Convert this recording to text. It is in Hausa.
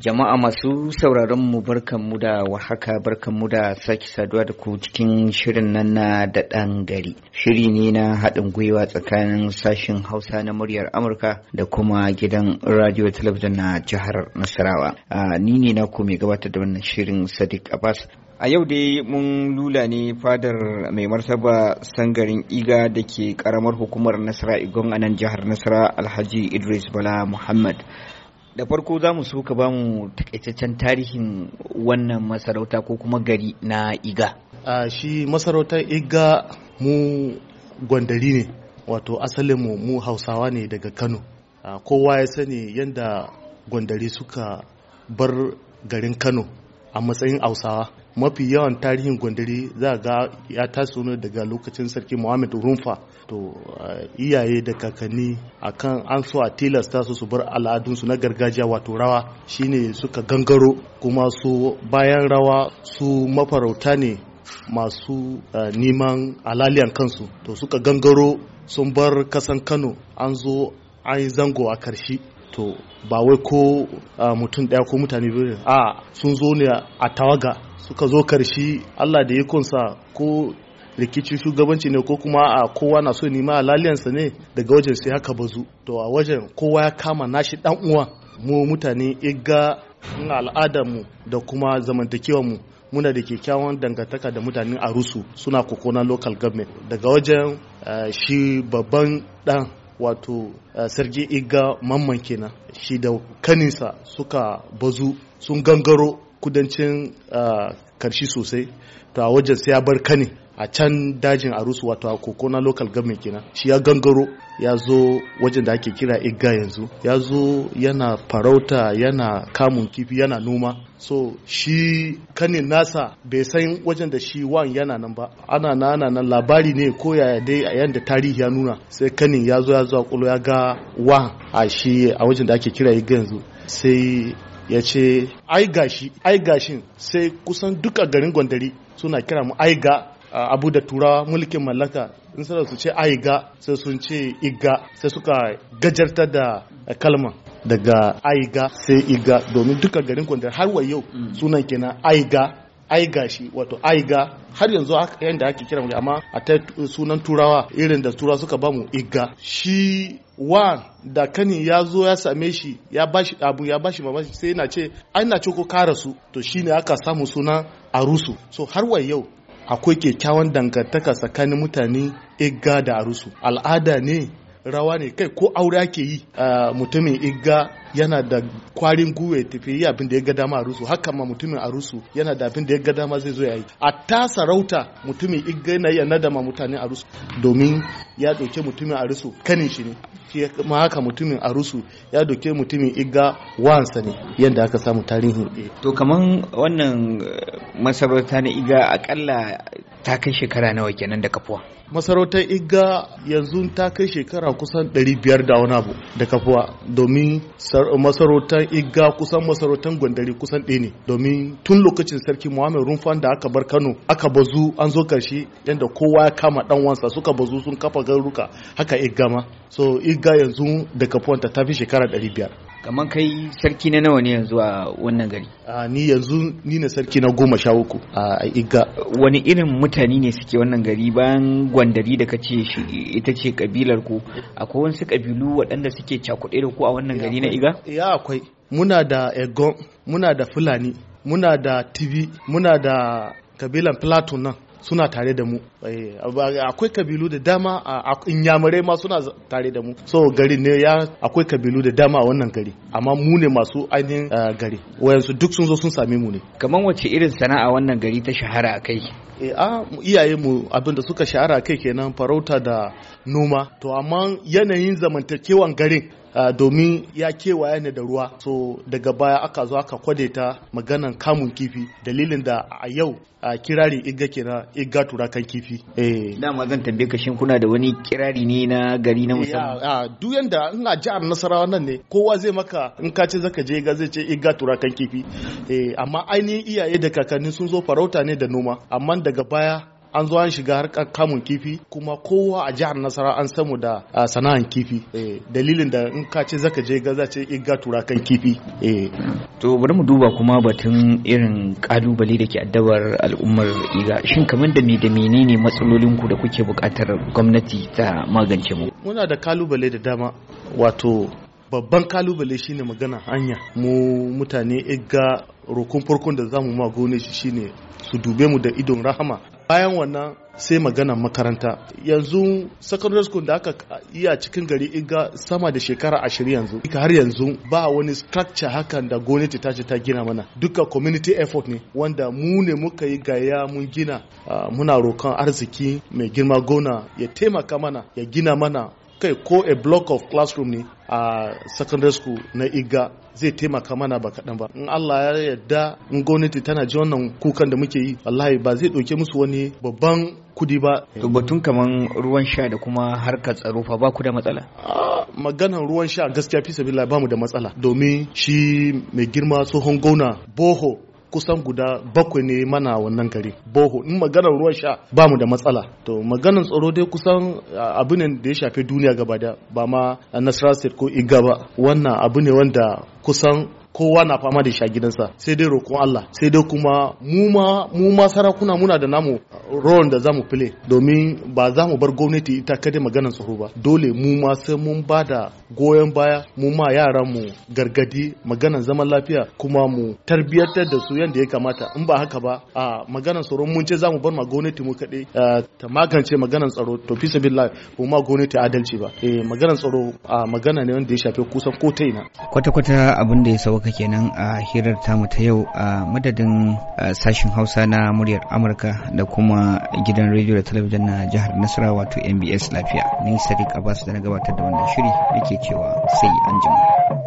Jama'a masu sauraron mu barkan mu da wahaka mu da sake saduwa da ku cikin shirin nan na da ɗan gari. Shiri ne na haɗin gwiwa tsakanin sashen Hausa na muryar Amurka da kuma gidan radio talabijin na jihar Nasarawa. Ni ne na ku mai gabatar da wannan shirin Sadiq Abbas. a yau dai mun lula ne fadar mai martaba sangarin iga da ke karamar hukumar nasara igon anan jihar nasara alhaji idris bala muhammad da farko za mu so ka ba mu takaitaccen tarihin wannan masarauta ko kuma gari na iga a shi masarautar iga mu gwandari ne wato asalin mu mu hausawa ne daga kano kowa ya sani yadda gwandari suka bar garin kano a matsayin Hausawa mafi yawan tarihin gwandari za ga ya taso ne daga lokacin sarki Muhammad Rumfa to eh, iyaye da kakanni akan an so a tilasta su su bar al'adunsu na gargajiya wato rawa shine suka gangaro kuma su bayan rawa su mafarauta ne masu eh, neman alaliyan kansu to suka gangaro sun bar kasan Kano an zo an yi zango a karshe to ba wai ko mutum ɗaya ko mutane biyu a sun zo ne a tawaga suka zo karshi Allah da ikonsa ko rikici shugabanci ne ko kuma a kowa na so nima laliyansa ne daga wajen sai haka bazu to a wajen kowa ya kama nashi dan uwa mu mutane al'adar mu da kuma zamantakewar mu muna da kyakkyawan dangantaka da mutane mutanen arusu suna kokona local government daga wajen shi babban dan wato eh, sarki iga mamman kenan shi da kaninsa suka bazu sun gangaro kudancin eh, karshi sosai to a wajen sai ya bar kani a can dajin arusu wato a kokona local government kenan shi ya gangaro ya zo wajen da ake kira igga yanzu ya zo yana farauta yana kamun kifi yana noma so shi kanin nasa bai san wajen da shi wan yana nan ba ana na ana nan labari ne ko yaya dai a yanda tarihi ya nuna sai kanin ya zo ya zo a ya ga wan a shi a wajen da ake kira igga yanzu sai ya ce ai gashi ai gashin sai kusan duka garin gwandari suna kira mu ai ga abu da tura mulkin mallaka in suna su ce aiga sai sun ce iga sai suka gajarta da kalma daga aiga sai iga domin duka garin kwandar har wa yau mm. sunan kenan aiga aiga shi wato aiga har yanzu yadda ake kira mu amma a ta sunan turawa irin da turawa suka bamu iga shi wa da kani ya zo ya same shi ya bashi abu ya bashi mamashi sai yana ce ai na ce ko karasu. to shine aka samu suna arusu so har wa yau akwai kyakkyawan dangantaka tsakanin mutane igga da arusu al'ada ne rawa ne kai ko aure ake yi mutumin Iga yana da kwarin gwiwa tafi yi abin da ya ga dama a rusu haka ma mutumin a rusu yana da abin da ya ga dama zai zo ya yi a ta sarauta mutumin igga yana iya nadama mutane a rusu domin ya ɗauke mutumin a rusu kanin shi ne ma haka mutumin a rusu ya doke mutumin Iga wansa ne yadda aka samu tarihin to kamar wannan eh, masarauta na iga akalla ta kai shekara nawa kenan da kafuwa masarautar igga yanzu ta kai shekara kusan 500 da wani abu da kafuwa domin masarautar igga kusan masarautar gwandari kusan ɗaya ne domin tun lokacin sarki muhammed rumfan da aka bar kano aka bazu an zo karshe yadda kowa ya kama dan wansa suka bazu sun kafa garuruka haka igga ma so igga yanzu da kafuwanta ta fi shekara 500 kamar kai sarki na nawa ne yanzu a wannan gari a ni yanzu ni na sarki na goma sha uku a iga wani irin mutane ne suke wannan gari bayan gwandari da kace ita ce kabilar ku akwai wasu kabilu waɗanda suke cakuɗe da ku a wannan gari na iga ya akwai muna da egon muna da fulani muna da tv muna da kabilan plateau nan suna tare da mu eh, akwai kabilu da dama a inyamurai ma suna tare da mu so gari ne ya akwai kabilu da dama a wannan gari amma mu ne masu ainihin eh, gari wayansu duk sun zo sun sami mu ne kamar wacce irin sana'a wannan gari ta shahara a kai e a iyaye mu abinda suka shahara kai kenan farauta da noma to amma yanayin zamantakewan garin Ah, domin ya kewaye ne da ruwa so daga baya aka zo aka kwade ta maganan kamun kifi dalilin da a yau a ah, kirari iga kira iga turakan kifi eh dama zan tambaye ka shin kuna da wani kirari ne na gari na musamman a ah, duk yanda in a jihar Nasarawa nan ne kowa zai maka in ka ce zaka je ga zai ce iga turakan kifi eh amma ainihin iyaye da kakanni sun zo farauta ne da noma amma daga baya an zo an shiga harkar kamun kifi kuma kowa a jihar nasara an samu da sana'an kifi eh, dalilin da in ka ce zaka je ga ce iga tura kan kifi eh. to bari mu duba kuma batun irin kalubale da ke addabar al'ummar iga shin kamar da me da menene matsalolin ku da kuke bukatar gwamnati ta magance mu muna da kalubale da dama wato babban kalubale shine magana hanya mu mutane iga rokon farkon da zamu ma gone shi shine su dube mu da idon rahama bayan wannan sai magana makaranta yanzu secondary school da aka yi a cikin gari iga sama da shekara ashirin yanzu ika har yanzu ba wani structure hakan da gwamnati ta ce ta gina mana duka community effort ne wanda mu ne muka yi gaya mun gina ah, muna rokan arziki mai girma gona ya taimaka mana ya gina mana kai ko a block of classroom ne a secondary school na iga zai taimaka mana ba kaɗan ba in Allah ya yarda in gwamnati tana ji wannan kukan da muke yi wallahi ba zai ɗauke musu wani babban kudi ba to batun kaman ruwan sha da kuma harkar tsaro fa ba ku da matsala maganar ruwan sha gaskiya fi sabila ba mu da matsala domin shi mai girma tsohon gona boho kusan guda bakwai ne mana wannan gari boho in maganar ruwan sha ba mu da matsala to maganar tsaro dai kusan abu ne da ya shafi duniya gaba da ba ma nasara state ko iga ba wannan abu ne wanda kusan kowa na fama da sha gidansa sai dai roƙon Allah sai dai kuma mu ma mu ma sarakuna muna da namu role da za mu play domin ba za mu bar gwamnati ita kada maganar tsaro ba dole mu ma sai mun ba da goyon baya mu ma yaran mu gargadi maganar zaman lafiya kuma mu tarbiyyantar da su yadda ya kamata in ba haka ba a maganar tsaro mun ce za mu bar ma gwamnati mu kaɗai ta magance maganar tsaro to fi sabilillah mu ma gwamnati adalci ba eh maganar tsaro a magana ne wanda ya shafi kusan ko ta ina kwata-kwata abin da ya sauka kenan a hirar tamu ta yau a madadin sashin Hausa na muryar Amurka da kuma kuma gidan rediyo da talabijin na jihar nasara wato mbs lafiya ni sadiq abbas da na gabatar da wannan shiri yake cewa sai an jima